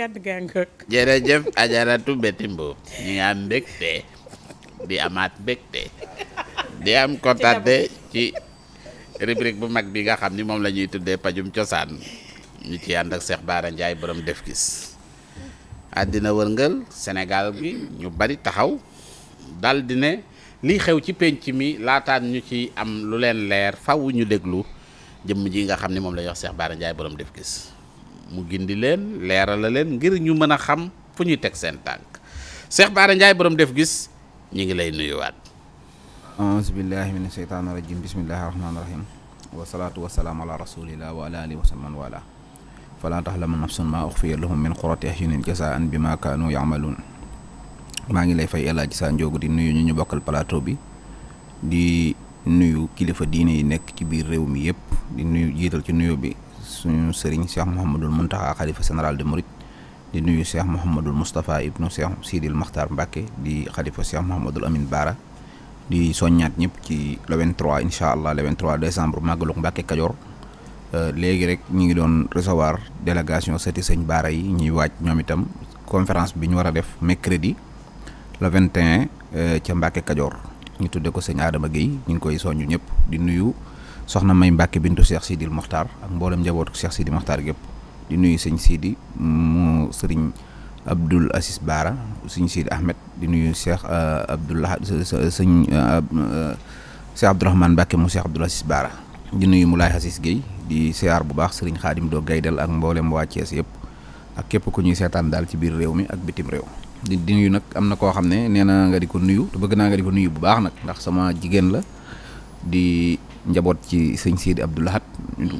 kat gàngoog jërëjëf ajaratu Betty Mbuub ñi nga am mbégte di amaat mbégte di am kontaante ci rubrique bu mag bi nga xam ni moom la ñuy tuddee pajum cosaan ñu ci ànd ak Cheikh Bara Ndiaye def gis àddina wërngël senegal gi ñu bari taxaw daldi ne lii xew ci penc mi laataan ñu ci am lu leen leer faw ñu déglu jëmm ji nga xam ni moom la ñuy wax Cheikh Bara Ndiaye borom def gis mu gindi leen leeral la leen ngir ñu mën a xam fu ñuy teg seen tànk Cheikh Bara Ndiaye borom def gis ñi ngi lay nuyuwaat aouzu billahi min asheytaani rajim bismillahi rahmaani rahim wa salatu wa ala rasulillah wa ala alihi wa sallam wa ala fala tahlamu nafsun ma ukhfiya lahum min qurati ahyunin jazaan bima kanu ya'malun maa ngi lay fay El ci Sa Ndiogou di nuyu ñu ñu bokkal plateau bi di nuyu kilifa diine yi nekk ci biir réew mi yépp di nuyu jiital ci nuyu bi suñu sëriñ cheikh mohamadul muntaha khalifa général de mourid di nuyu cheikh mohamadul mustapha ibnu cheikh sidil makhtar mbake di khalifa cheikh mohamadul amin bara di soñat ñep ci le 23 inshallah allah le 23 décembre mbake kadior euh légui rek ñi ngi doon recevoir délégation sëti sëñ bara yi ñi wacc ñom itam conférence bi ñu wara def mercredi le 21 euh ci mbake kadior ñu tuddé ko sëñ adama gueye ñu ngi koy soñu ñep di nuyu soxna may Mbacke bintu Cheikh Sidil Mokhtar ak jabo njabootu Cheikh Sidi Mokhtar gep di nuyu seigne Sidi mu sering Abdul Asis bara seigne Sidi Ahmed di nuyu Cheikh euh, Abdullah euh, euh, seigne Cheikh Abdourahmane Mbacke mo Cheikh Abdul Asis bara di nuyu Moulay assis gey di ciar bu bax serigne khadim do gaydal ak mbolam waties yep ak kep ku ñuy seetaan dal ci bir réew ak bitim rew di di nuyu nak am ko xamne neena ne nga di nuyu te bëgg na nga di nuyu bu bax nak ndax sama jigen la di. njaboot ci sëñ Sidi Abdou Lahat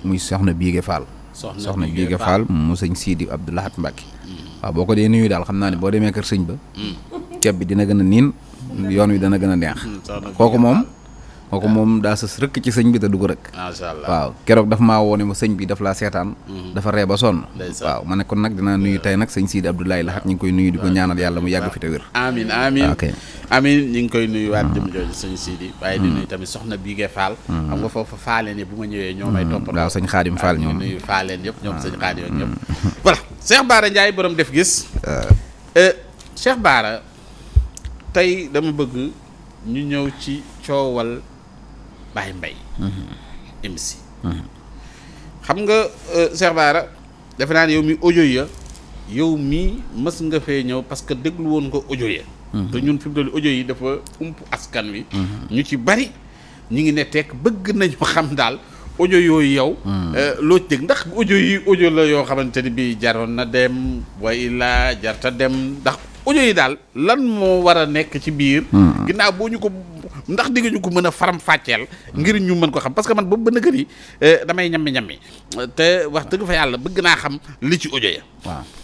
muy soxna Biige Fall soxna Biige Fall mu sëñ Sidi Abdou Lahat Mbacke mm. waaw boo ko dee nuyu daal xam naa ne boo demee kër sëñ ba mm. ceeb bi dina gën a niin yoon wi dana gën a neex mm, kooku moom kooku mom da sës rek ci sëñ bi te dugg rëkk macha allah waaw kérok daf ma woné mo ma bi daf la seetaan mhm. dafa ree ba sonn waaw mané kon nak dina nuyu tay nak sëñ Sidi Abdoulaye Lahat ñu ngi koy nuyu diko ñaanal yalla mu yag fi te wér amin amin amin ñing koy nuyu waat dem ah. jojo sëñ Sidi waaye di nuyu mm. tamit soxna bi Bigé Fall mm. xam nga fofu faale ne bu ma ñëwee ñoo may mm. toppal waaw sëñ Xaadim Fall ñoom nuyu faaleen yëpp ñom sëñ khadim ah. ak ñëpp voilà Cheikh Bara Ndiaye borom def gis ah. euh Cheikh Bara tay dama bëgg ñu ñëw ci ciowal Baye Mbaye MC mm-hmm. mm-hmm. xam nga euh, Cheikh Bara defe naa ne yow mi audio ya yow mii mës nga fee ñëw parce que déglu woon nga audio ya mm-hmm. te ñun fi mu toll audio yi dafa ump askan wi ñu ci bari ñu ngi ne tekk bëgg nañu xam daal ojo yooyu yow euh, loo ci ndax ojo yi ojo la yoo xamante ni bii jaroon na dem way laa jarta dem ndax ojo yi daal lan moo war a nekk ci biir ginnaaw boo ñu ko ndax di nga ñu ko mën a faram fàcceel ngir ñu mën ko xam parce que man boobu ba nëgër yi euh, damay ñammi ñammi te wax dëgg fa yàlla bëgg naa xam li ci ojo ya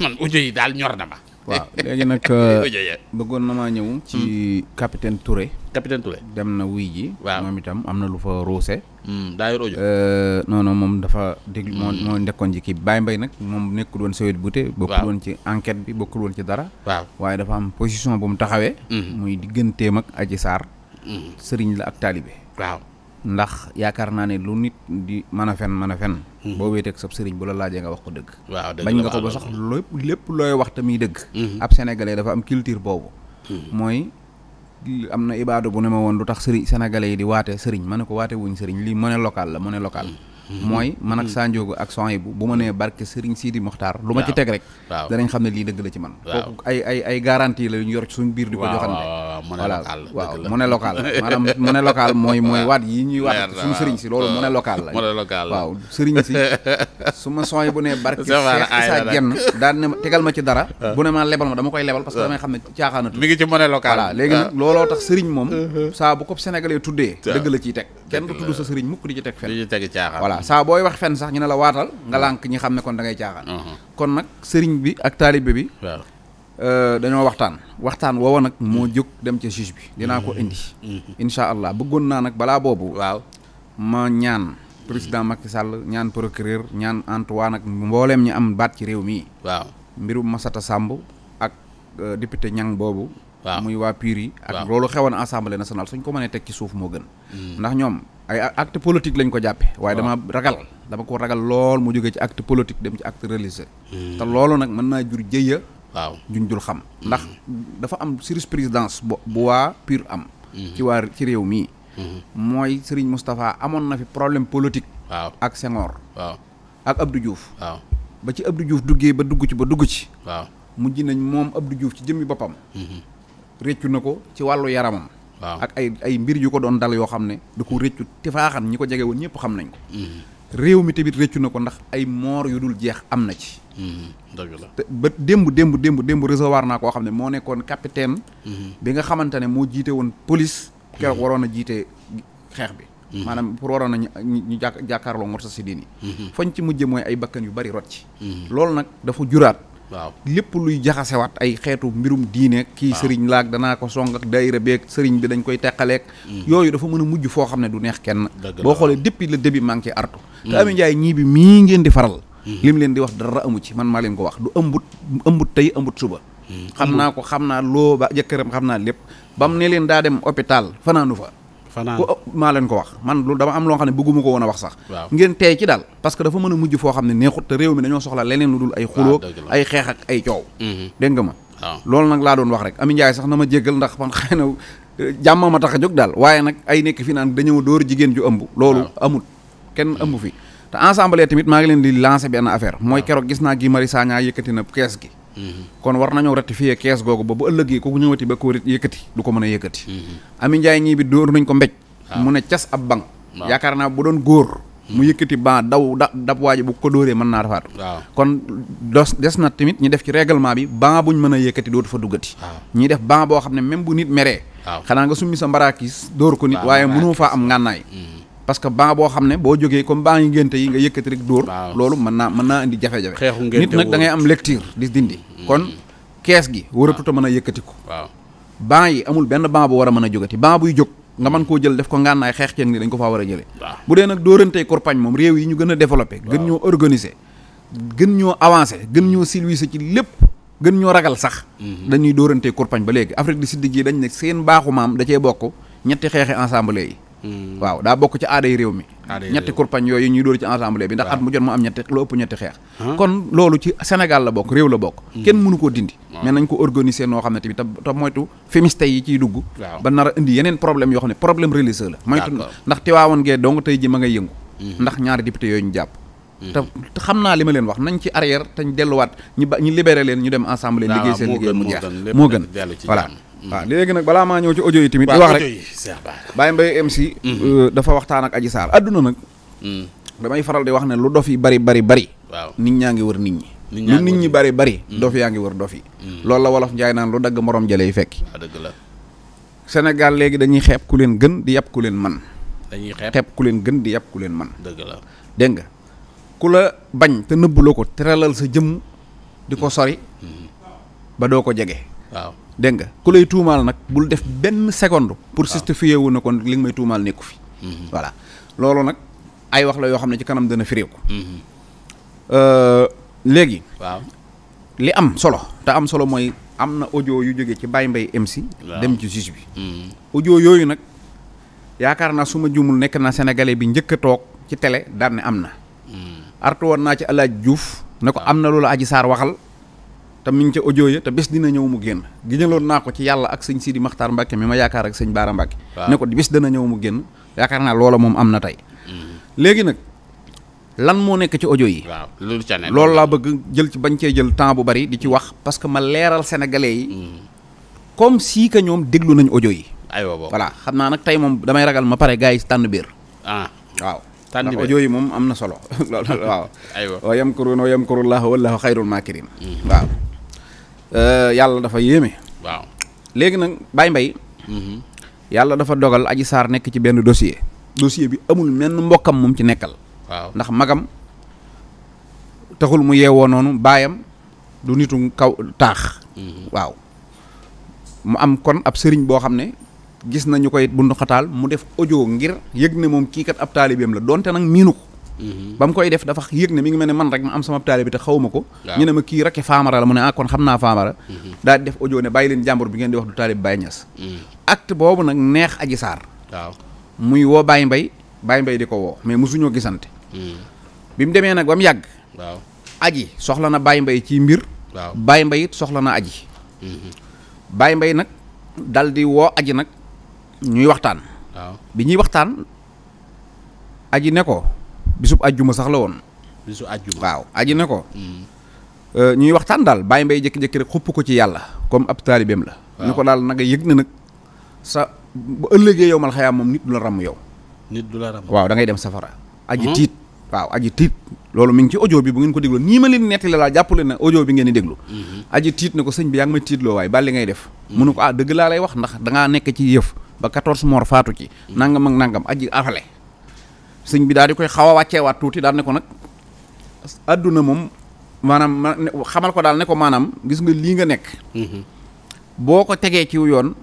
man ojo yi daal ñor na ma waaw léegi nag ya. euh, bëggoon na maa ñëw ci hmm. capitaine Touré capitaine Touré dem na wuy ji waaw moom itam am na lu fa roose hmm, daa yor audio euh, non non moom dafa déglu moo hmm. moo nekkoon ci kii Baye Mbaye nag moom nekkul woon Sowét Bouté bokkul woon ci enquête bi bokkul woon ci dara waaye dafa am position bu mu taxawee muy digganteem ak Adji Sarr sëriñ la ak taalibe waaw ndax yaakaar naa ne lu nit di mën a fen mën a fen hmm. boo wéeteeg sab sëriñ bu la laajee nga wax ko dëgg waaw dëgg bañ nga ko ba sax lépp lépp looy wax tamit dëgg hmm. ab sénégalais dafa am culture boobu hmm. mooy am na ibaadu bu ne ma woon lu tax sëriñ sénégalais yi di waate sëriñ ma ne ko waate wuñ sëriñ lii monnaie locale la monnaie locale mooy mm-hmm. man ak mm-hmm. Sa Ndiogou ak son yi bu bu ma nee barke Serigne Sidi Mokhtar lu ma ci teg rek danañ xam ne lii dëgg la ci man kooku ay ay ay ñu yor ci suñu biir di ko joxante voilà waaw mu ne local maanaam mu mooy mooy waat yi ñuy waat suñu Serigne si loolu mu ne local la waaw si su ma bu ne barke Cheikh Issa Diène daan ne tegal ma ci dara bu ne ma lebal ma dama koy lebal parce damay xam ne caaxaanatu mi ngi ci mu ne local voilà léegi nag looloo tax Serigne moom uh-huh. saa bu tuddee dëgg la ciy teg kenn sa Serigne mukk di ci teg fen voilà saa booy wax fenn sax ñu ne la waatal nga mm. lànk ñi xam ne kon da ngay caaxaan uh-huh. kon nag sëriñ bi ak taalibe bi euh, dañoo waxtaan waxtaan woowa nag mm. moo jóg dem ca juge bi dinaa ko mm-hmm. indi mm-hmm. incha allah bëggoon naa nag balaa boobu waaw ma ñaan président mm-hmm. Macky sàll ñaan procureur ñaan Antoine ak mbooleem ñi am baat ci réew mii waaw mbirum masata sàmb ak euh, député Niang boobu waaw muy waa PUR yi ak loolu xewoon assemblée nationale suñ ko mënee teg ci suuf moo gën hmm. ndax ñoom ay acte politique lañ ko jàppe waaye dama ragal dama ko ragal lool mu jógee ci acte politique dem ci acte religieux hmm. te loolu nag mën naa jur jëya waaw juñ jul xam hmm. ndax dafa am jurisprudence bu bu waa PUR am ci waa ci réew mii mooy Serigne Moustapha amoon na fi problème politique waaw ak Senghor waaw ak Abdou Diouf waaw ba ci Abdou Diouf duggee ba dugg ci ba dugg ci waaw mujj nañ Abdou Diouf ci jëmmi boppam réccu na ko ci wàllu yaramam waaw ak ay ay mbir yu ko doon dal yoo xam ne da ko réccu tifaaxan ñi ko jege woon ñëpp xam nañ ko mm-hmm. réew mi tamit réccu na ko ndax ay moor yu dul jeex am na ci mm-hmm. dëgg la ba démb démb démb démb recevoir naa koo xam ne moo nekkoon capitaine mm-hmm. bi nga xamante ne moo jiite woon police keroog waroon a jiite bi maanaam pour waroon ñu jàkkaarloo sa fañ ci mujje mooy ay bakkan yu bari rot ci loolu nag dafa juraat waaw lépp luy jaxasewaat ay xeetu mbirum diine kii sëriñ laag danaa ko song ak daayira beeg sëriñ bi dañ koy teqaleek mm. yooyu dafa mën a mujj foo xam ne du neex kenn boo xoolee depuis la début maa ngi ci artu mm. te Amy Ndiaye ñii bi mii ngeen di faral mm. li mu leen di wax dara amu ci man maa leen ko wax du ëmbut ëmbut tey ëmbut suba xam naa ko xam naa loo ba jëkkëram xam naa lépp bam ne leen daa dem hôpital fanaanu fa fanaan maa leen ko wax man lu dama am loo xam ne bëgguma ko woon a wax sax ngeen teey ci daal parce que dafa mën a mujj foo xam ne neexut te réew mi dañoo soxla leneen lu dul ay xuloo ah, ay xeex ak ay coow mhm. dégg nga ma waaw loolu nag laa doon wax rek Ami sax na ma jéggal ndax man euh, ma ay fi naan dañoo dóor jigéen ju ëmb loolu amut ken mm. ëmb fi te ensemble tamit maa ngi leen di lancer benn affaire mooy keroog gis gi na gi kon war nañoo ratifier kees googu ba bu ëllëgee ku ñëwati ba ko yëkkati du ko mën a yëkkati mm-hmm. ami njaay ñii bi dóor nañ ko mbéj mu ne cas ab bank yaakaar naa bu doon góor mu mm-hmm. yëkkati ban daw da dab waaji bu ko dóoree mën naa defaat kon dos des na tamit ñu def ci règlement bi ban buñ mën a yëkkati dootu fa duggati ñuy def ban boo xam ne même bu nit meree xanaa nga summi sa mbaraakiis dóor ko nit waaye mënoo faa am ngànnaay mm-hmm. parce que ban boo xam ne boo jógee comme ban yi ngénte yi nga yëkkati rek dóor loolu mën naa mën naa indi jafe-jafe nit nag da ngay am lecture di dindi hmm. kon kees gi waratut a mën a yëkkati ko ban yi amul benn ban bu war a mën a jógati ban buy jóg nga man koo jël def ko ngànnaay xeex ceeg ni dañ ko faa war a jëlee bu dee nag dóorantey corpagne moom réew yi ñu gën a développé gën ñoo organisé gën ñoo avancé gën ñoo civilisé ci lépp gën ñoo ragal sax hmm. dañuy dóorantey corpagne ba léegi afrique du sud gi dañ ne seen baaxu maam da cee bokk ñetti xeexi ensemble yi Hmm. waaw da bokk ci aaday réew mi ñetti kurpañ yoy ñuy door ci assemblée bi ndax at mu jot mu am ñetti lo ëpp ñetti xex kon lolu ci Sénégal la bok rew la bokk hmm. kenn mënu ko dindi mais nañ ko organiser no xam ne tamit te moytu fémiste yi ci dugg ba nara indi yeneen problème yo xam problème religieux la moytu ndax tiwaawoon ge dong tay ji ma ngay yëngu hmm. ndax ñaari député yoy ñu japp ta xamna lima len wax nañ ci arrière tañ delluwaat ñi ba ñi libéré len ñu dem ensemble liggéey seen liggéey mu jeex mo gën voilà Mm-hmm. waaw léegi nag balaa maa ñëw ci audio yi tamit. di wax rek Baye Mbaye MC. Mm-hmm. Euh, dafa waxtaan ak Adji Sarr adduna nag. Mm. damay faral di wax ne lu dof bari bari bari. waaw nit ñaa ngi wër nit ñi. lu nit ñi bari bari. Mm. dof yaa ngi wër dof yi. Mm. loolu la wolof njaay naan lu dagg morom jëlee fekk. dëgg la. Sénégal léegi dañuy xeeb ku leen gën di yàpp ku leen man dañuy xeeb xeeb ku leen gën di yàpp ku leen man dëgg la dégg nga ku la bañ te nëbbuloo ko teralal sa jëmm di ko sori. Mm-hmm. ba doo ko jege. waaw. dégg nga ku lay tuumaal nag bul def benn seconde. pour justifier wu ne kon li nga may tuumaal nekku fi. Mhm. voilà loolu nag ay wax la yoo xam ne ci kanam dana firéew ko mhm. euh, léegi. waaw li am solo. te am solo mooy am na audio yu jóge ci Baye Mbaye MC. dem ci juge bi. Mhm. audio yooyu nag yaakaar naa su ma juumul nekk na sénégalais bi njëkk a toog ci tele daan ne am na. artu woon naa ci El Hadj Diouf. ne ko am na loolu Adji Sarr waxal. te mi ngi audio ya te bés dina ñëw mu génn giñaloon naa ko ci yàlla ak sëñ Sidi Maxtaar Mbàkke mi ma yaakaar ak sëñ Baara Mbàkke ne ko bés dana ñëw mu génn yaakaar naa loola moom am na tey mm-hmm. léegi nag lan moo nekk ci audio yi loolu laa bëgg jël ci bañ cee jël temps bu bari di ci wax mm-hmm. parce que ma leeral sénégalais yi mm-hmm. comme si que ñoom déglu nañ audio yi bo voilà xam naa nag tey damay ragal ma pare gars yi tànn biir ah waaw tànn biir audio yi moom am na solo waaw no wa yamkuruna wa yamkurullah wallahu khairul makirin waaw Euh, yàlla dafa yéeme. waaw léegi nag Baye mbay mm-hmm. yàlla dafa dogal aji saar nekk ci benn dossier. dossier bi amul menn mbokkam moom ci nekkal. ndax magam taxul mu yeewoo noonu baayam du nitu kaw taax. Mm-hmm. waaw mu am kon ab sëriñ boo xam ne gis nañu koy bundu xataal mu def audio ngir yëg ne moom kii kat ab taalibeem la donte nag miinu ko. ba mu koy def dafa yëg ne mi ngi mel ne man rek ma am sama taalibe te xawma ko ñu ne ma kii rek faamara la mu ne ah kon xam naa faamara mhm. daal di def audio ne bàyyi leen jàmbur bi ngeen di wax du taalibe Baye Niass mhm. acte boobu nag neex Adji saar muy woo Baye mbay Baye mbay di ko woo mais mosuñoo gisante mhm. bi mu demee nag ba mu yàgg waaw aji soxla na Baye mbay ci mbir waaw Baye soxla na aji Baye mbay nag dal di woo aji nag ñuy waxtaan bi ñuy waxtaan aji ne ko bisub ajjuma sax la won bisu ajjuma waw aji nako. ko. Hmm. Euh, ñuy waxtaan dal baye mbay jek jek rek xuppu ko ci yalla comme ab talibem la. waaw ko na sa bu ëllëgé yow mal xayaa moom nit du la ram yow. nit du la ram waw da ngay dem safara. aji hmm? tit. waw aji tit. lolu mi ngi ci audio bi bu ngeen ko deglu ni ma leen netti la laa leen audio bi ngeen ni deglu hmm. aji tit ne ko sëñ bi ya ngi tit lo way balli ngay def. mu ko ah deug la lay wax ndax nga nekk ci yef ba 14 mor faatu ci. nangam ak nangam aji afalé sëñ bi daal di koy xaw a wàcceewaat tuuti daal ne ko nag àdduna moom maanaam xamal ko daal ne ko maanaam gis nga lii nga nekk. Mhm. boo ko tegee ci yoon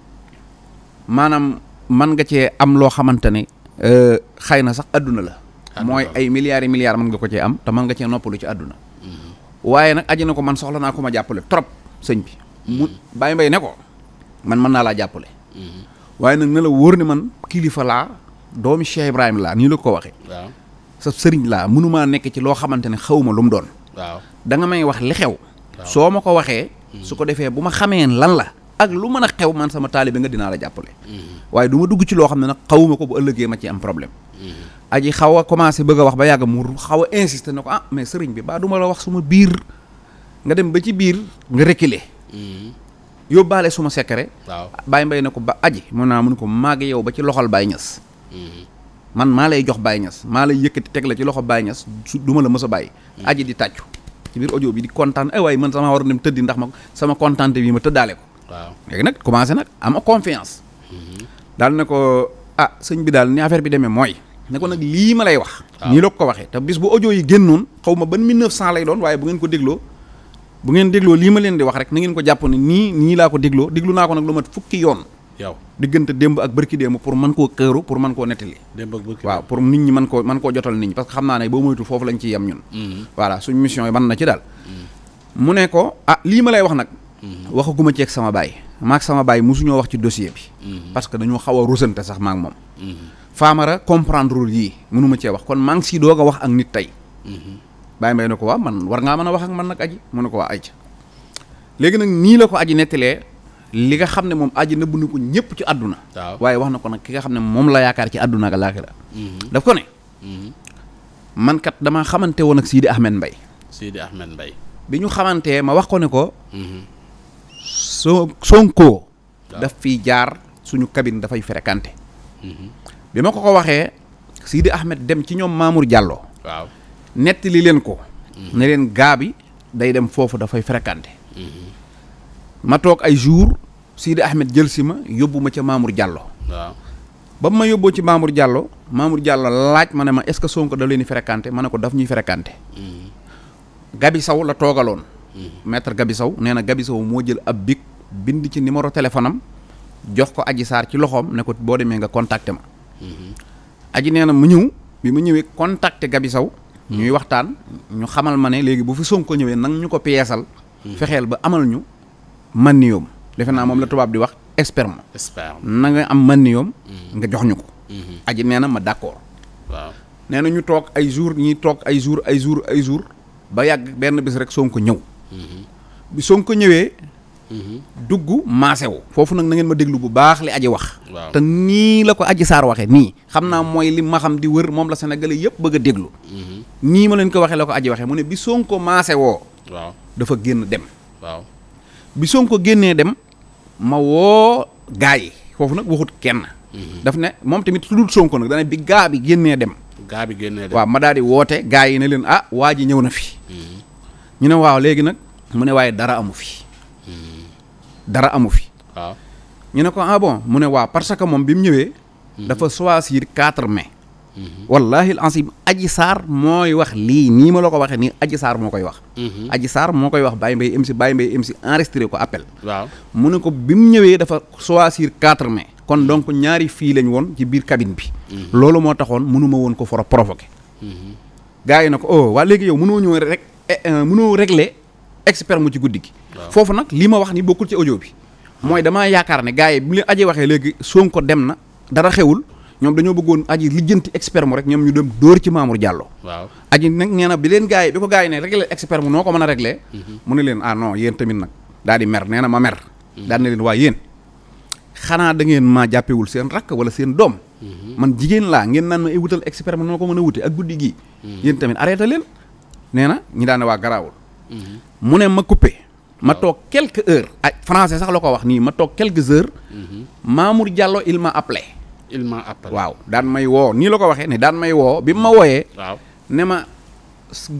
maanaam man nga cee am loo xamante ne. Euh, xëy na sax adduna la. mooy ay milliards yi milliards nga ko cee am te mën nga cee noppalu ci àdduna mhm. waaye nag aji na ko man soxla naa ko ma jàppale trop sëñ bi. Mhm. mu bàyyi mbay ne ko man mën naa laa jàppale. waaye nag ne la wóor ne man kilifa laa. doomi cheikh ibrahim la ni la ko waxe sa serigne la munuma nek ci lo xamantene ne xawma lu doon waaw da nga may wax li xew so mako waxe hmm. su ko defee bu ma xamee lan la ak lu mën xew man sama taalibe nga dina la jàppale hmm. waye duma dugg ci lo xamne nak xawuma ko bu ëllëgee ma ci am problème hmm. aji xawa commencé bëgg wax ba yag mu xawa insisté ah mais serigne bi ba duma la wax suma bir nga dem ba ci bir nga reculer yobale suma secret waaw mbay nako ba aji mo na mu ko mag yow ba ci loxol ñess man ma lay jox Baye Niass ma lay yëkëti tek la ci loxo Baye Niass duma la mësa hmm. aji di taccu ci bir audio bi di contane eh ay way man sama war dem tëddi ndax ma sama kontan bi ma teddalé ko waaw ama nag commencé nak am confiance hmm. dal na ah señ bi dal ni affaire bi démé moy ne ko nag lii ma lay wax ni la ko waxé ta bis bu audio yi gennoon xawma ban 1900 lay doon waye bu ngeen ko dégloo bu ngeen dégloo li ma leen di wax rek na ngeen ko japp ni nii la ko dégloo déglu naa ko lu fukki yoon yow diggante démb ak bërki démb pour mën koo këru pour man koo nettali waaw pour nit ñi mën koo mën koo jotal nit ñi parce que xam naa ne boo moytu foofu lañ ci yem ñun mm-hmm. voilà suñ mission yi mën na ci daal mm-hmm. mu ne ko ah lii ma lay wax nag mm-hmm. waxaguma ci sama baay maak sama baay mosuñoo wax ci dossier bi parce que dañoo xaw a rusante sax maak moom faamara comprendre yii mënuma cee wax kon maa ngi si doog a wax ak nit tey bàyyi mbay ne ko waa man war ngaa mën a wax ak man nag aji mu ne ko waa aji léegi nag nii la ko aji nettalee li nga xam ne moom aji nëbb na ko ñëpp ci àdduna waaye wax na ko nag ki nga xam ne moom la yaakaar ci àdduna ak laaxira mm-hmm. daf ko ne mm-hmm. man kat damaa xamante woon ak Sidi Ahmed Mbaye Sidi Ahmed Mbaye bi ñu xamantee ma wax ko ko mm-hmm. so Sonko daf fiy jaar suñu cabine dafay fréquenté bi ko ko waxee Sidi Ahmed dem ci ñoom Mamour jàlloo waaw nettali leen ko ne leen gaa bi day dem foofu dafay fréquenté ma toog ay jour Sidi Ahmed jël si ma yóbbu ma ca Mamour Diallo. ba ba ma yóbboo ci Mamour Diallo Mamour Diallo laaj ma ne ma est-ce que Sonko da leen di fréquenté ma ne ko daf ñuy fréquenté. Mm-hmm. Gabi Sow la toogaloon. Mm-hmm. maître Gabi Sow nee na Gabi Sow moo jël ab bic bind ci numéro téléphone am jox ko Adji saar ci loxoom ne ko boo demee nga contacté ma. Mm-hmm. Adji nee na mu ñëw bi mu ñëwee contacté Gabi Sow. ñuy waxtaan ñu xamal ma ne léegi bu fi Sonko ñëwee nang ñu ko peesal. fexeel ba amal ñu man niyoom defe naa moom la tubaab di wax esperma sperme na nga am manium. Mhm. nga jox ñu ko. Mhm. aji nee na ma d' accord. waaw nee na ñu toog ay jour ñuy toog ay jour ay jour ay jour ba yàgg benn bis rek Sonko ñëw. Mhm. bi Sonko ñëwee. dugg maase wu. foofu nag na ngeen ma déglu bu baax li aji wax. te nii la ko aji saar waxee nii. xam naa mooy li ma di wër moom la sénégalais yëpp bëgg a déglu. nii ma leen ko waxee la ko aji waxee mu ne bi Sonko woo. dafa génn dem. waaw bi Sonko génnee dem ma woo gaa yi foofu nag waxut kenn. Mhm. daf ne moom tamit tuddul Sonko nag dana bi gaa bi génnee dem. gaa bi génnee waaw ma daal di woote gaa yi ne leen ah waa ji ñëw na fi. Mhm. ñu ne waaw léegi nag mu ne waaye dara amu fi. Mhm. dara amu fi. waaw ñu ne ko ah bon mu ne waaw parce que moom bi mu ñëwee. dafa choisir quatre mai. Mm-hmm. wallahi al azim aji sar moy wax li ni ma lako waxe ni aji sar mo koy wax mm-hmm. aji sar mo koy wax Baye baye MC Baye baye MC enregistrer ko appel waaw mu ne ko bi mu dafa choisir 4 mai kon donc ñaari fi lañ won ci bir cabine bi mm-hmm. loolu moo taxoon mënuma won ko fora provoquer provoqué gars oh wa léegi yow mënoo ñëw rek eh, eh, mënoo régler expert mu ci guddigi fofu nak nag li ma wax ni bokul ci audio bi moy dama yaakaar ne gars bu aji waxe léegi Sonko dem na dara xewul ñoom dañoo bëggoon aji lijjanti expert mu rek ñoom ñu dem dóor ci Mamour Diallo. waaw aji nag neena na bi leen gaa yi bi ko gars yi ne réglé expert mu noo ko mën a réglé. Mhm. mu ne leen ah non yéen tamit nag daal di mer nee na ma mer. Mhm. daal ne leen waa yéen xanaa da ngeen maa jàppewul seen rakk wala seen doom. Mhm. man jigéen laa ngeen naan ma ay wutal expert mu noo ko mën a wute ak guddi gii. yéen tamit arrêté leen nee na ñi daan waa garaawul. mu ne ma coupé. ma toog quelques heures. ay sax la ko wax nii ma toog quelques heures. Mamour il m'a appelé. il m'a appelé waaw daan may woo nii la ko waxee ne daan may woo bi ma wooyee. waaw ne ma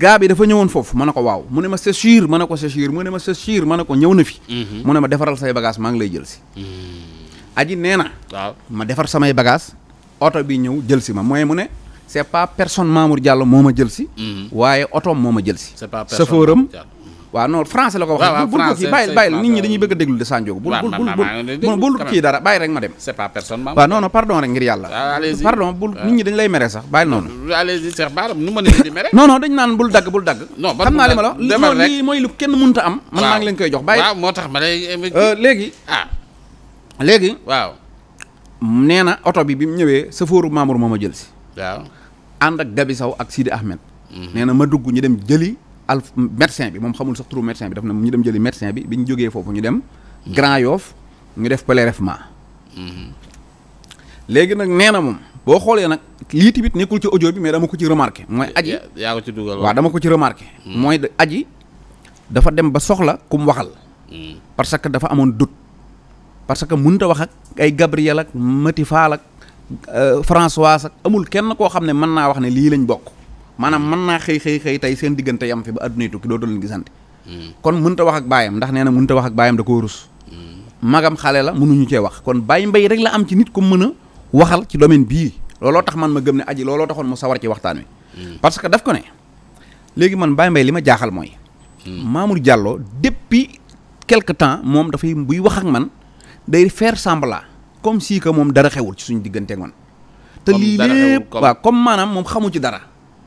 gaa bi dafa ñëwoon foofu ma ne ko waaw mu ne ma c'est sûr ma ne ko c'est sûr mu ne ma c'est sûr ma ne ko ñëw na fi. Mhm. mu ne ma defaral say bagage maa ngi lay jël si. Mhm. aji nee na. waaw ma defar samay bagage oto bi ñëw jël si ma mooy mu ne. c'est pas personne Mamour Diallo moo ma jël si. Mhm. waaye otoom moo ma jël si. c'est pas personne Mamour Diallo Wah non France la kau, waxee ko kii bàyyil bàyyil nit ñi dañuy bëgg déglu de Sandiogou bul bul bul bul kii dara rek ma dem c'est pas personne non non pardon rek ngir yàlla ah, pardon bul ah. nit ñi dañ lay mere sax non non dañ non bul dagg bul non xam naa li ma la non lii mooy lu kenn mënta am man maa ngi leen koy jox bàyyi waaw moo ma lay euh, ah waaw bi bi mu Mamour jël si waaw ànd ak Gabi Sow ak Sidi Ahmed mhm. nee ma dugg ñu dem jëli al médecin bi moom xamul sax turu médecin bi daf na ñu dem jëli médecin bi bi ñu jógee ma. ñu dem Grand Yoff ñu def prélèvement mm-hmm. léegi nag nee na moom boo xoolee nag lii tamit ci audio bi mais dama ko ci remarqué mooy aji Ya, ya- ko ci dugal waaw dama ko ci mm-hmm. aji dafa dem ba soxla ku mu waxal mm-hmm. parce que dafa amoon doute parce que mënta wax ak ay Gabriel ak Mati ak euh, François ak amul kenn ne mën wax ne lii lañ bokk manam mana na xey xey xey tay seen digënté yam fi ba adduna tukki do leen gisanté hmm. kon mënta wax ak bayam ndax nee na mënta wax ak bayam da ko rus hmm. magam xalé la ñu ci wax kon bayam mbay rek la am ci nit ko mëna waxal ci domaine bi lolo tax man ma gëm ne aji lolo taxon mu sawar ci waxtaan wi hmm. parce que daf ko né légui man bay mbay lima jaaxal moy Mamour Diallo depuis quelque temps da fay buy wax ak man day faire semblant comme si que mom dara xewul ci suñu digënté ngon man te lii lépp wa comme manam mom xamu ci dara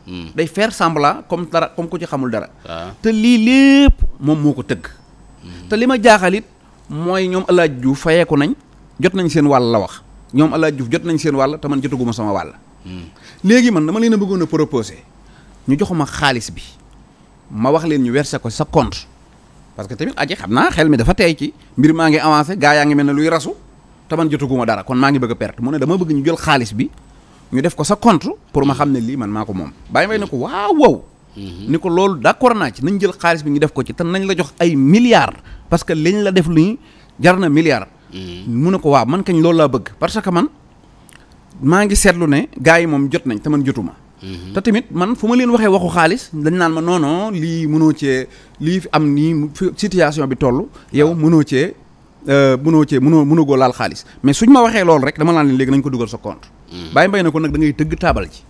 day faire semblant comme dara comme ko ci xamul dara te li lepp mom moko teug te lima jaaxalit mooy ñoom alaaj fayé ko nañ jot nañ seen wal la wax ñom alaaj ju jot nañ seen wal te man jotuguma sama wal léegi man dama leena a proposer ñu joxuma xaaliss bi ma wax leen ñu verser ko sa compte parce que tamit aji xamna xel mi dafa tay ci mbir ma ngi avancer gaa yaa ngi luy rasu te man jotuguma dara kon ma ngi bëgg perte mo ne dama bëgg ñu jël xaaliss bi ñu def ko sa compte pour ma xam ne lii man maa ko moom bàyyi may ne ko waaw waaw mhm. ni ko loolu d'accord naa ci nañ jël xaalis bi ñu def ko ci te nañ la jox ay milliards parce que liñ la def luñu jar na milliards mhm. mu ne ko waaw man kañ loolu laa bëgg parce que man maa ngi seetlu ne gars yi moom jot nañ te man jotuma mhm. te tamit man fu ma leen waxee waxu xaalis dañ naan ma non lii mënoo cee lii fi am nii situation bi toll yow euh, mënoo cee mënoo cee mënoo mënoo goo laal xaalis mais suñ ma waxee loolu rek dugal sa compte Hmm. bay Mbaye na ko nag da ngay dëgg tabal ci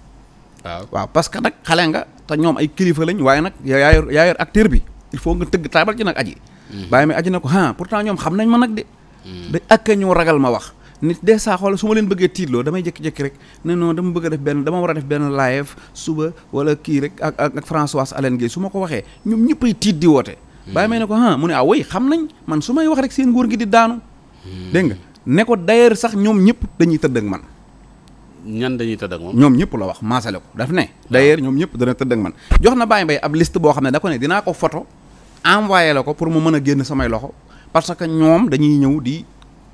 wa waaw parce que nak xalé nga ta ñom ay kilifa lañ waye nak yaa yor acteur bi il faut nga teug tabal ci nak aji. Hmm. bay mi aji nako ha pourtant ñom xam nañ ma nak de. Hmm. de ak ñu ragal ma wax. nit de sa xol suma ma leen bëggee tiitloo damay jek jek rek ne non dama bëgg def ben dama wara def ben live suba wala ki rek ak ak ak Françoise Hélène Guèye su ko waxe ñom ñëppay tiit di wote bay may nako ha ah mu ne ah way xam nañ man sumay wax rek seen nguur gi di daanu. deng ne ko d'ailleurs sax ñom ñepp dañuy teud ak man. ñan dañuy tëdd ak moom ñoom ñëpp la wax maasale ko def ne d'ailleurs ñoom ñëpp dana tëdd ak man jox na Baye Mbaye ab liste boo xam ne da ko ne dinaa ko photo envoyé la ko pour mu mën a génn samay loxo parce que ñoom dañuy ñëw di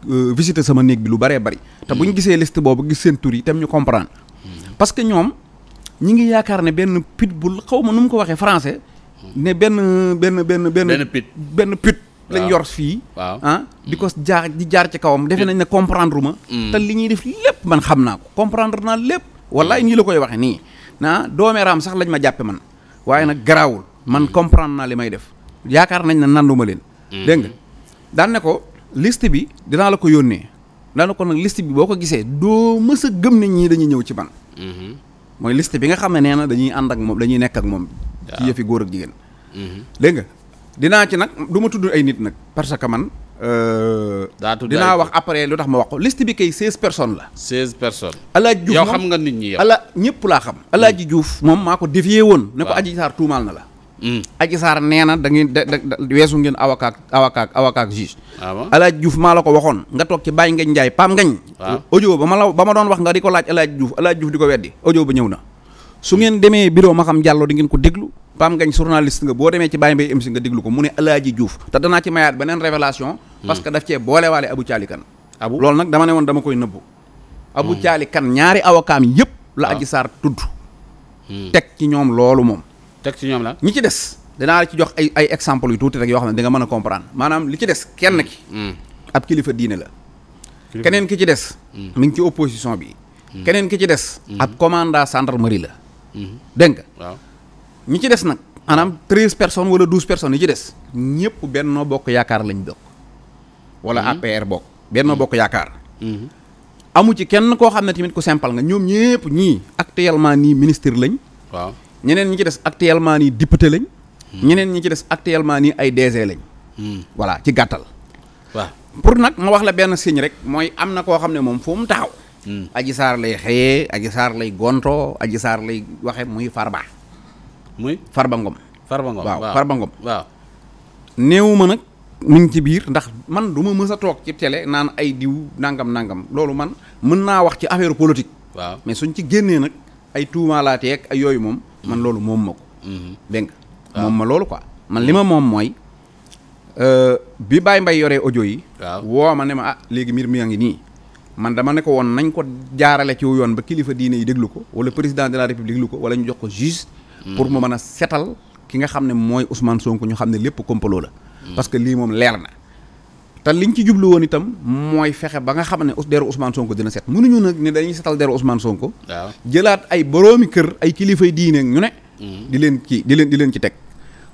euh, visiter sama néeg bi lu baree bari te bu ñu gisee list boobu gis seen tur yi tam ñu comprendre hmm. parce que ñoom ñi ngi yaakaar ne benn pitbull xaw ma nu mu ko waxee français ne benn benn benn benn benn pit benn pit lañ yor fii ah mm. di ko jaar di jaar ci kawam defe nañ ne comprendre ma mm. li ñuy def lépp man xam naa ko comprendre naa lépp wallaay mm. nii la koy waxe nii ah doomeeraam sax lañ ma jàppe man waaye nag garaawul man comprendre li may def yaakaar nañ ne nanduma leen dégg nga daan ne ko liste bi dinaa la ko yónnee daan ne ko nag liste bi boo ko gisee doo mës gëm ne ñii dañuy ñëw ci man mm-hmm. mooy liste bi nga xam ne nee na dañuy ànd ak moom dañuy nekk ak moom ci yëfi góor ak jigéen mm-hmm. dégg dina ci nak duma tuddu ay nit nak parce que man. euh dina wax après lutax ma wax ko liste bi kay 16 personnes la. 16 personnes. ala djouf yow xam nga nit ñi yow. ala ñepp la xam. ala hmm. Diouf moom maa ko défier woon. ne ko Adji sar tuumaal na la. Hmm. Adji sar nee da ngeen wessu ngeen avocat avocat avocat juge. ala ah djouf ma la ko waxon nga tok ci bay Ngañ Ndiaye Pam Ngañ. audio ba ma la ba ma doon wax nga diko laaj ala djouf ala djouf diko weddi audio ba ñëw na. su ngeen demee bureau ma xam jàlloo di ngeen ko déglu Pam Ngañ journaliste nga boo demee ci Baye Mbaye MC nga déglu ko mu ne Alaaji Diouf te danaa ci mayaat beneen révélation parce que daf cee boolewaale Abou Thiali Kane abu loolu nag dama ne woon dama koy nëbbu Abou hmm. Thiali Kane ñaari awokaam yépp la ah. Adji Sarr tudd hmm. teg ci ñoom loolu moom teg ci ñoom la ñi ci des danaa ci jox ay ay exemple yu tuuti rek yoo xam ne di nga mën a comprendre maanaam li ci des kenn ki hmm. ab kilifa diine la keneen ki ci des mi ngi ci opposition bi keneen ki ci des ab commandant gendarmerie la dégg nga waaw ñi ci dess nak anam 13 personnes wala 12 personnes yi ci des ñëpp benno bok yaakaar lañ bokk wala mhm. APR bokk benno mhm. bokk yaakaar mhm. amu ci kenn ko xamne timit tamit ku simple nga ñom ñepp ñi actuellement ni ministre lañ waaw ñeneen ñi ci dess actuellement ni député lañ ñeneen ñi ci dess actuellement ni ay DG lañ voilà ci gattal waaw pour nak ma wax la ben signe rek moy amna ko xamne mom fu mu taxaw Mm. aji saar lay xëyee aji saar lay gontoo aji saar lay waxe muy farba muy farba ngom farba ngom ma nag mu ngi ci biir ndax man du ma mës a toog ci tele naan ay diw nangam nangam loolu man mën naa wax ci affaire politique waaw mais suñ ci génnee nag ay tuumaalaatee ak ay yooyu moom man loolu moom ma ko mm-hmm. dégg moom ma loolu quoi man li ma moom mooy euh, bi Baye Mbaye yoree audio yi woo ma ne ma a ah, léegi mbir mi a ngi nii man dama ne ko woon nañ ko jaarale ci yoon ba kilifa diine yi déglu ko wala président de la république lu ko wala ñu jox ko juge pour mu mën a setal ki nga xam ne mooy usman sonk ñu xam ne lépp complot la parce que lii moom leer na te liñ ci jublu woon itam mooy fexe ba nga xam ne deru Ousmane Sonko dina set mënuñu nag ne dañuy setal deru Ousmane Sonko jëlaat ay boroomi kër ay kilifay diine ñu ne mm. di leen ci di leen di leen ci teg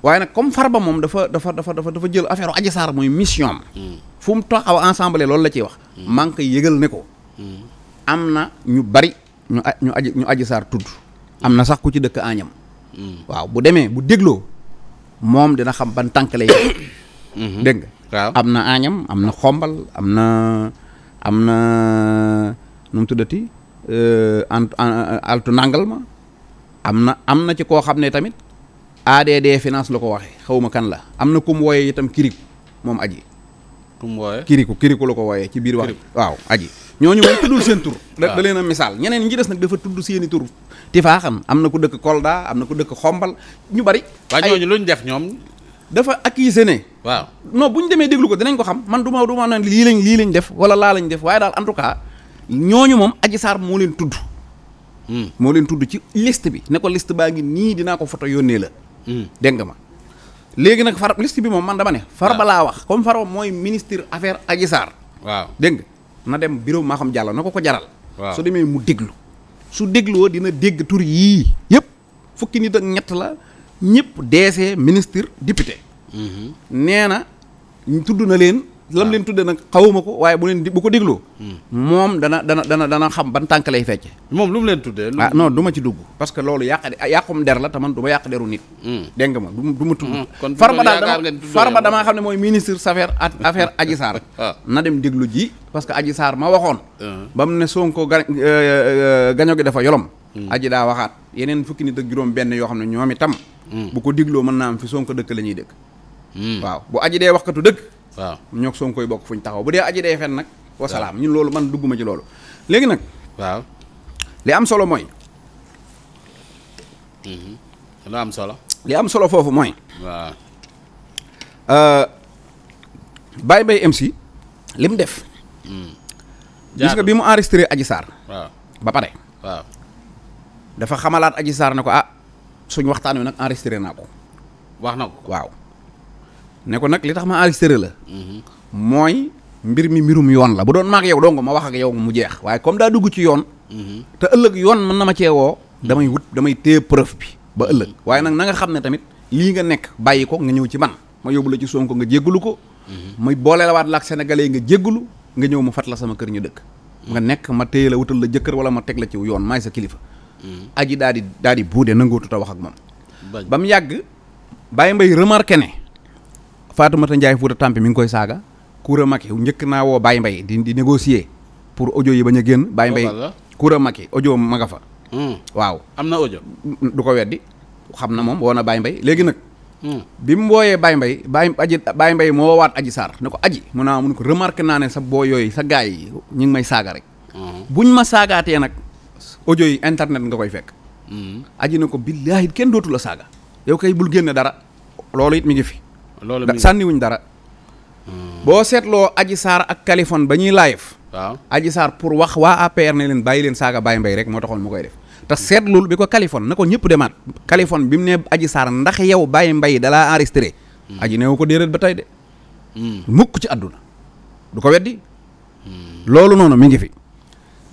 waaye nag comme far ba moom dafa dafa dafa dafa dafa jël affaire Adji Sarr mooy mission am. Hmm. fu mu taxaw ensemble loolu la ciy wax. Hmm. maa ngi yëgal ne ko. Hmm. am na ñu bari ñu ñu aji ñu Adji Sarr tudd. am na sax ku ci dëkk añam. waaw bu demee bu dégloo moom dina xam ban tànk lay am na añam am na xombal am na am na nu mu tuddati euh, altu nangal ma am na am na ci koo xam ne tamit. ADD finance lako waxe xawma kan la amna kum woyé itam kirik mom aji kum woyé kiriku kiriku lako woyé ci bir wax waw aji ñoñu mo tuddul sen tur da da leen a ñeneen ñi dess nak dafa tudd seeni tur tifa xam amna ku dëkk kolda amna ku dëkk xombal ñu bari wa ñoñu luñ def ñom dafa accuser né waw non buñ démé déglu ko dinañ ko xam man duma duma nan li lañ li lañ def wala la lañ def waye dal en tout cas ñoñu mom aji sar mo leen tudd hmm. mo leen tudd ci liste bi ne ko liste baa ngi nii ko photo Hmm. dégg nga ma léegi nag far liste bi moom man dama ne ba laa wax comme farba mooy ministre affaire Adji Sarr waaw dégg nga na dem bureau maa xam jàll na ko ko jaral waaw su demee mu déglu su dégluwoo dina dégg tur yii yëpp fukki nit ak ñett la ñëpp deesee ministre député hmm. nee na tudd na leen lam leen tuddee nag xawuma ko waaye bu leen di bu ko déglu hmm. moom dana dana dana dana xam ban tànk lay fecce moom lu mu leen tuddee ah non ma ci dugg parce que loolu yàq yàqum der la te man hmm. dégg nga ma du du ma tudd hmm. farba daal dama damaa xam ne mooy ministre affaire affaire Adji Sarr ah. na dem déglu ji parce que Adji Sarr ma waxoon ah. ba mu ne Sonko euh, euh, gaño gi dafa yolom aji daa waxaat yeneen fukki nit ak juróom benn yoo xam ne ñoom itam bu ko digloo mën naa am fi Sonko dëkk la ñuy dëkk waaw bu aji dee wax katu dëkk waaw ñoo soog koy bokk fu ñu taxaw bu dee aji day fen nag wasalaam ñun loolu man dugguma ci loolu léegi nag waaw li am solo mooy mhm. lu am solo li am solo foofu mooy waaw euh, Baye Mbaye MC li mu def mhm. gis bi mu enregistré Adji Sarr ba pare dafa xamalaat Adji saar na ko ah suñ waxtaan wi nag enregistré naa ko wax na ko waaw ne ko nag li tax ma enregistré la. mooy mbir mi mbirum yoon la bu doon maak yow dong ma wax ak yow mu jeex waaye comme daa dugg ci yoon. te ëllëg yoon mën na ma cee woo. damay wut damay téye preuve bi waaye nag na nga xam ne tamit lii nga nekk bàyyi ko nga ñëw ci man ma yóbbu la ci Sonko nga jéggalu ko. muy boole la waat la nga jéggalu nga ñëw ma fat la sama kër ñu dëkk. nga nekk ma la wutal la jëkkër wala ma teg la ci yoon maay sa kilifa. aji daal di daal di buude nangootu ta wax ak moom. ba mu yàgg Baye Mbaye remarqué ne. Fatoumata Ndiaye Fouta Tampi mi ngi koy saaga Koura Macky njëkk naa woo Baye Mbaye di di négocier pour audio yi bañ a génn Baye Mbaye Koura Macky audio ma nga fa hmm. waaw am na audio du ko weddi xam na moom woo na Baye Mbaye léegi nag hmm. bi mu mbooyee Baye mbay Baye aji Baye mbay moo woowaat Adji Sarr ne ko aji mun a mun ko remarqué naa ne sa boo yooyu sa gaay yi ñu ngi may saaga rek hmm. buñ ma saagaatee nag audio yi internet nga koy fekk aji ne ko billaahi kenn dootu la saaga yow kay bul dara loolu it mi ngi fi loolu sànniwuñ dara. Hmm. boo seetloo Adji Sarr ak Kaliphone ba ñuy live. waaw Adji Sarr pour wax waa APR ne leen bàyyi leen saaga bàyyi mbay rek moo taxoon mu koy def. te seetlul bi ko Kaliphone na ko ñëpp demaat. Kaliphone bi mu ne Adji Sarr ndax yow bàyyi mbay dalaa enregistré. Hmm. aji neewu ko déedéet ba tey de. Hmm. mukk ci àdduna. du ko weddi. loolu noonu mi ngi fi.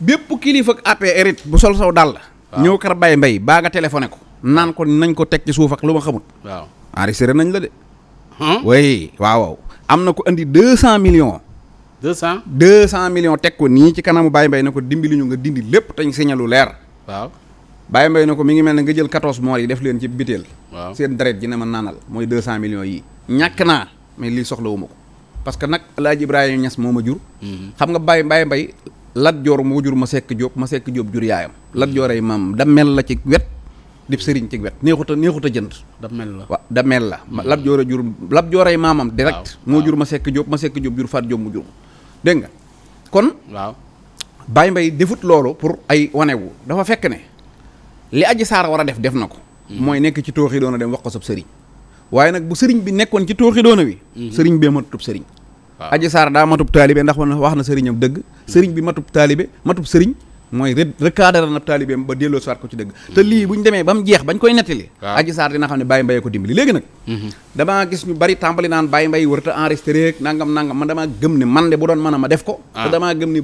bépp kilifa ak APR it bu sol saw dal la. ñëw kar bàyyi mbay baa nga téléphoné ko. naan ko nañ ko teg ci suuf ak lu ma xamut. waaw enregistré nañ la oui waaw am na ko indi deux cent millions. deux cent. deux cent millions teg ko nii ci kanamu baay Mbaye na ko dimbali ñu nga dindi lépp te ñu siñalu leer. waaw Baye Mbaye na ko mi ngi mel ne nga jël quatorze mois yi def leen ci biteel. waaw seen deret ji ne ma naanal mooy deux cent millions yi. ñàkk naa mais lii soxlawuma ko parce que nag El Hadj Ibrahima moo ma jur. Mhm. xam nga Baye Baye Mbaye Lat Joor moo jur ma sekk Jóob ma sekk Jóob jur yaayam. Lat Joor ay maam dammel la ci wet. dip serigne ci wet neexuta neexuta neexut jënd da mel la wa da mel la lab joora jur lab mamam direct mo jur ma sek job ma sek job jur fat job mu jur dégg nga kon waaw bay mbay defut lolo pour ay wanewu dafa fekk ne li aji saar wara def def nako moy hmm. nek ke ci toxi doona dem wax ko sab serigne waye nak bu serigne bi nekkon ci toxi doona wi hmm. serigne be matup serigne aji saar da matup taalibe ndax wax na am deug serigne bi matub taalibe matup serigne mooy recadrer na taalibeem ba delloo siwaat ko ci dëgg te lii bu ñu demee ba mu jeex bañ koy nettali aj saar dina xam ne bàyyi mbayee ko dimbali léegi nag mhm. damaa gis ñu bari tàmbali naan bàyyi mbay warta enregistré ak nangam nangam man damaa gëm ne man de bu doon man a ma def ko ah. te damaa gëm ne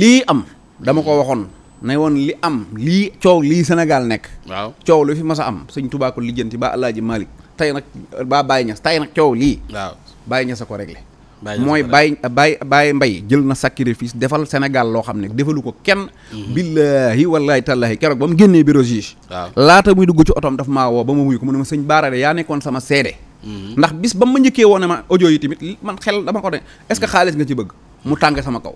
lii am dama ko waxoon na woon li am lii coow lii senegal nekk waaw coow lu fi mas a am sëñ Tuubaa ko lijjanti ba Alaaji Malik tey nag ba Baye Niass tey nag coow lii waaw Baye Niass ko réglé mooy Baye Baye Baye Mbaye jël na sacrifice defal Sénégal loo xam ne defalu ko kenn mm-hmm. billaahi wallaahi tallaahi keroog ba mu génnee bureau juge laata muy dugg ci otoom daf maa ba ma wuyu ko mu ma sëñ Bara yaa nekkoon sama seede mm-hmm. ndax bis ba ma njëkkee woon ma audio yi tamit man xel dama ko ne est-ce que xaalis nga ci bëgg mu tàng sama kaw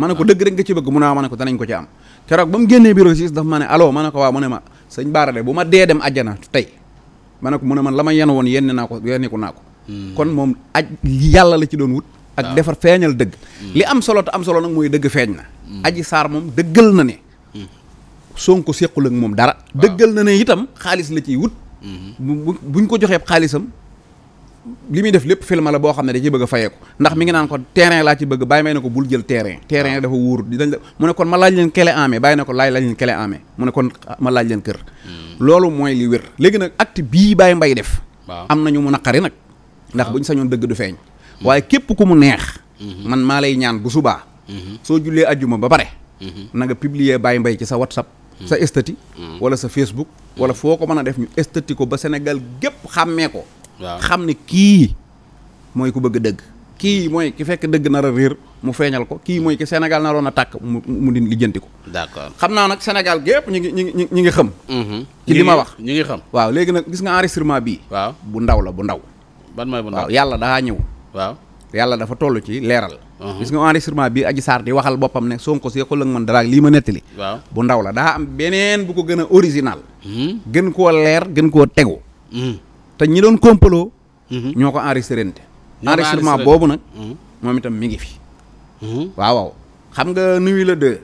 ma ne ko dëgg rek nga ci bëgg mun ne ma ne ko danañ ko ci am keroog ba mu génnee bureau juge daf ma ne allo ma ne ko waaw mu ne ma sëñ Bara bu ma dee dem ajjana tey ma ne mu ne man la ma yen woon yenn naa ko yenniku naa ko kon moom aj yàlla la ci doon wut ak defar feeñal dëgg mm. li am solo te am solo nag mooy dëgg feeñ na mm. aji saar moom dëggal na ne mm. Sonko séqul ak moom dara dëggal na ne itam xaalis la ciy wut mm-hmm. buñ ko joxee xaalisam li muy def lépp film la boo xam ne da ciy bëgg a fayeeku ndax mi ngi naan ko terrain laa ci bëgg bàyyi may ne ko bul jël terrain terrain dafa wóor dañ la mu ne kon ma laaj leen kele amee bàyyi ne ko laaj laaj leen kele amee mu ne kon ah, ma kër loolu mooy li léegi nag acte bii bàyyi mbay def am nañu mu naqari nag ndax ah. buñ sañu dëgg du feñ waye képp ku mu neex mhm. man ma lay ñaan bu suba mhm. so jullee aljuma ba paré mhm. na nga publier bay mbay ci sa whatsapp sa estati wala sa facebook wala foko mëna def ñu estati ko ba Sénégal gépp xamé ko xam ki moy ku bëgg dëgg ki moy ki fekk dëgg na ra rir mu feñal ko ki moy ki Sénégal na rona tak mu mu di lijjanti d'accord xamna nak Sénégal gépp ñi ñi ñi ngi xam ci lima wax ñi ngi xam waaw légui nak gis nga enregistrement bi waaw bu ndaw la bu ndaw ban mooy bu waaw yàlla daa ñëw. waaw yàlla dafa toll ci leeral. Uh-huh. gis nga enregistrement bi aji saar di waxal boppam ne Sonko si ko lëng man dara lii ma nettali. waaw bu ndaw la daa am beneen bu ko gën a original. Uh-huh. gën koo leer gën koo tegu. Uh-huh. te ñi doon complot. ñoo ko enregistré nte. enregistrement boobu nag. moom itam mi ngi fi. waaw waaw xam nga nuyu la deux.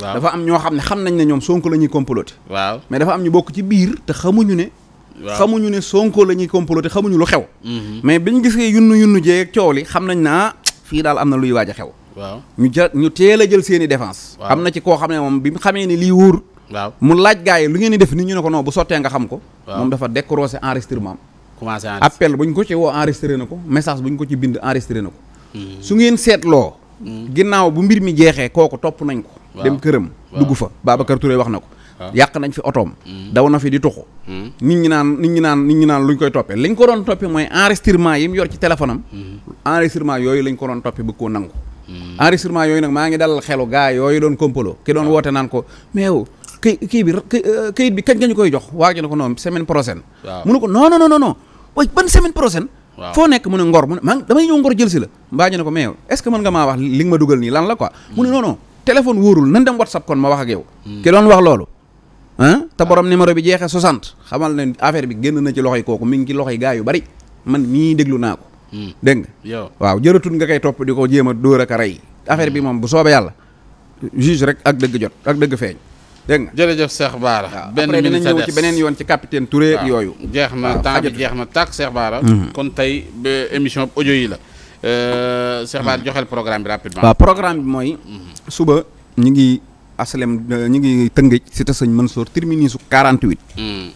waaw dafa am ñoo xam ne xam nañ ne ñoom sonk la ñuy comploté. waaw mais dafa am ñu bokk ci biir te xamuñu ne. xamuñu ne Sonko la ñuy comploter xamuñu lu xew. Mhm. mais biñ gisee yunnu yunnu jee ak coow li xam nañ naa fii daal am na luy waaj a xew. waaw ñu jël ñu teel a jël seen i défense. am na ci koo xam ne moom bi mu xamee ni lii wóor. waaw mu laaj gaa yi lu ngeen di def ni ñu ne ko non bu sottee nga xam ko. moom dafa décroché enregistrement commencé appel bu buñ ko ci woo enregistré na ko message bu buñ ko ci bind enregistré na ko. Mhm. su ngeen seetloo. Mhm. ginnaaw bu mbir mi jeexee kooku topp nañ ko. dem këram dugg fa Babacar wax na ko. Ah. yàq nañ fi otoom hmm. daw na fi di tuxu hmm. nit ñi naan nit ñi naan nit ñi naan luñ koy toppee liñ ko doon toppee mooy enregistrement yi mu yor ci téléphone am hmm. enregistrement yooyu lañ ko doon toppee bëgg koo nangu enregistrement yooyu nag maa ngi dalal xelu gaa yooyu doon kompaloo ki doon ah. woote naan ko meew kay kii bi euh, kayit bi kañ nga ñu koy jox waa ji ko noonu semaine prochaine mu ko non non non non way ban semaine prochaine waaw nekk mu ngor mu ne maa ngi ñëw ngor jël si la mbaa ñu ko mais est-ce que mën nga maa wax li ma dugal nii lan la quoi mu ne non non téléphone wóorul nan dem whatsapp ma wax ak yow ki doon ah te boroom numéro bi jeexee 60 xamal ne affaire bi génn na ci loxoy kooku mi ngi ci loxoy gaa yu bari man mii déglu naa ko. Hmm. dégg nga. waaw jëratul nga koy topp di ko jéem a dóor ak a rey. affaire bi moom bu soobee yàlla juge rek ak dëgg jot ak dëgg feeñ. dégg nga jërëjëf Cheikh Bara. benn minute dinañ ñëw ci beneen yoon ci capitaine Touré ak yooyu. jeex na temps bi jeex na tàkk Cheikh Bara. Hmm. kon tey ba émission audio yi la. Euh, Cheikh Bara hmm. joxel programme bi rapidement. bi mooy. aslem eh, ñi ngi teungé ci ta seigne Mansour su 48 hmm.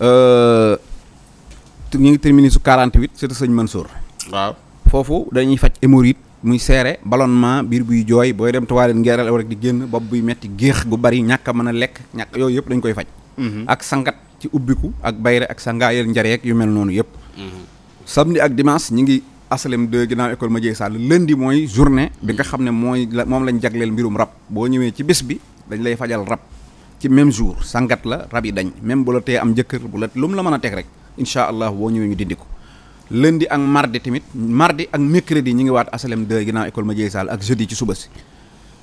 euh ñu ngi su 48 ci ta seigne Mansour waaw fofu dañuy fajj hémorite muy séré ballonnement bir buy joy boy dem toilette ngéral rek di génn bob buy metti geex gu bari ñaka mëna lek ñak yoy yëpp dañ koy fajj hmm. ak sangat ci ubbiku ak bayre ak ndjaré ak yu mel nonu yëpp hmm. samedi ak dimanche ñi ngi aslem 2 ginnaaw école ma jëy sàll lundi mooy journée bi nga mm. xam ne mooy moom lañ jagleel mbirum rab boo ñëwee ci bés bi dañ lay fajal rab ci même jour sangat la rab yi dañ même bu la tee am jëkkër bu la lu mu la mën a teg rek incha allah boo ñëwee ñu dindi ko lundi ak mardi tamit mardi ak mercredi ñi ngi waat aslem 2 ginnaaw école ma jëy sàll ak jeudi ci suba si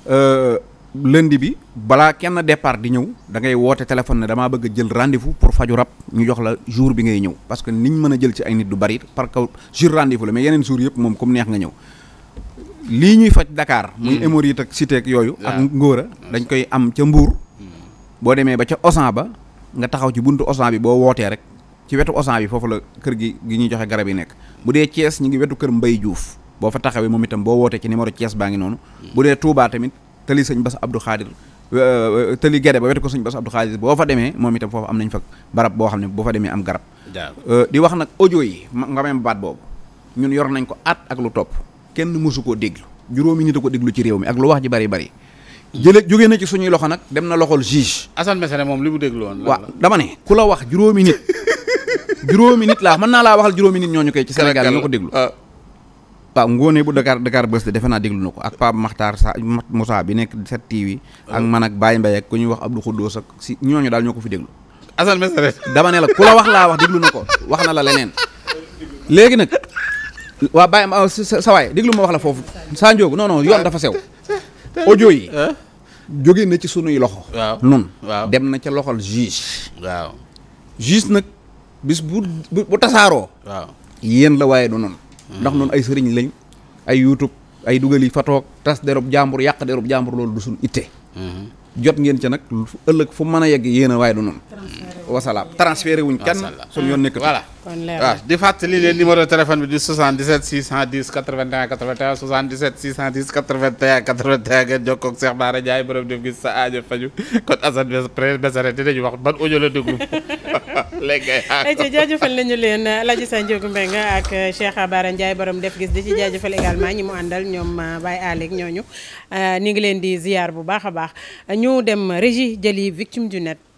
euh, lundi bi balaa kenn départ di ñëw da ngay woote téléphone ne damaa bëgg a jël rendez pour faju rab ñu jox la jour bi ngay ñëw parce que niñ mën a jël ci ay nit du bari parce que jour rendez-vous la mais yeneen jour yëpp moom comme neex nga ñëw lii ñuy faj Dakar muy mm. hémorroïde ak cité yooyu ak ngóora dañ koy am ca Mbour mm. boo demee ba ca Ossan ba nga taxaw ci buntu Ossan bi boo wootee rek ci wetu Ossan bi foofu la kër gi gi ñuy joxe garab yi nekk bu dee Thiès ñu ngi wetu kër Mbaye Diouf boo fa taxawee moom itam boo wootee ci numéro Thiès baa ngi noonu mm. tamit tëli sëñ Bass Abdou Khadir euh, euh, tëli gede ba wetu ko sëñ Bass Abdou Khadir boo fa demee moom itam foofu am nañ fa barab boo xam ne boo fa demee am garab euh, di wax nag audio yi nga même baat boobu ñun yor nañ ko at ak lu topp kenn mësu koo déglu juróomi nit a ko déglu ci réew mi ak lu wax ji bari bari jële jógee na ci suñuy loxo nag dem na loxol juge Assane Mesere moom li mu déglu woon waaw dama ne ku la wax juróomi nit juróomi nit laa mën naa laa waxal juróomi nit ñooñu koy ci Sénégal ñoo ko déglu ah. waaw ngóone bu Dakar Dakar bës de defe naa déglu na ko ak Pape Makhtar Sa Moussa bi nekk 7TV ak man ak baay Mbaye ak ku ñuy wax Abdou Khoudous ak si ñooñu daal ñoo ko fi déglu. Assane Mesere dama ne la ku la wax laa wax déglu na ko wax na la leneen léegi nag waa Baye ma déglu ma wax la foofu saa njóogu non non yoon dafa sew audio yi. jóge na ci sunuy loxo. waaw nun dem na ca loxol juge. waaw nag bis bu bu tasaaroo. waaw yéen la waaye du noonu. ndax noonu ay sëriñ lañ ay youtube ay dugal yi fa toog tas derub jàmbur yàq derub jàmbur loolu du suñ itte mhm. jot ngeen ca nag ëllëg fu mën a yegg yéen a waaye du noonu wasalaam transféré wuñ kenn suñ yoon nekk voilà kon leer waaw di fàttali leen numéro téléphone bi di 77 610 81 81 77 610 81 81 ngeen jokkoo ak Cheikh Bara Ndiaye borom def gis sa aajo faju kon Assane Bes Besere dinañu wax ban audio la déglu léegi kay. ayca ah. jaajëfal nañu leen Laji Sa Ndiogou Mbengue ak eh, Cheikh Bara Ndiaye borom def gis di ci jaajëfal également ñi mu àndal ñoom eh, Baye Alek ñooñu eh, ñu ngi leen di ziar bu baax a baax ñu dem régie jëli victime du net.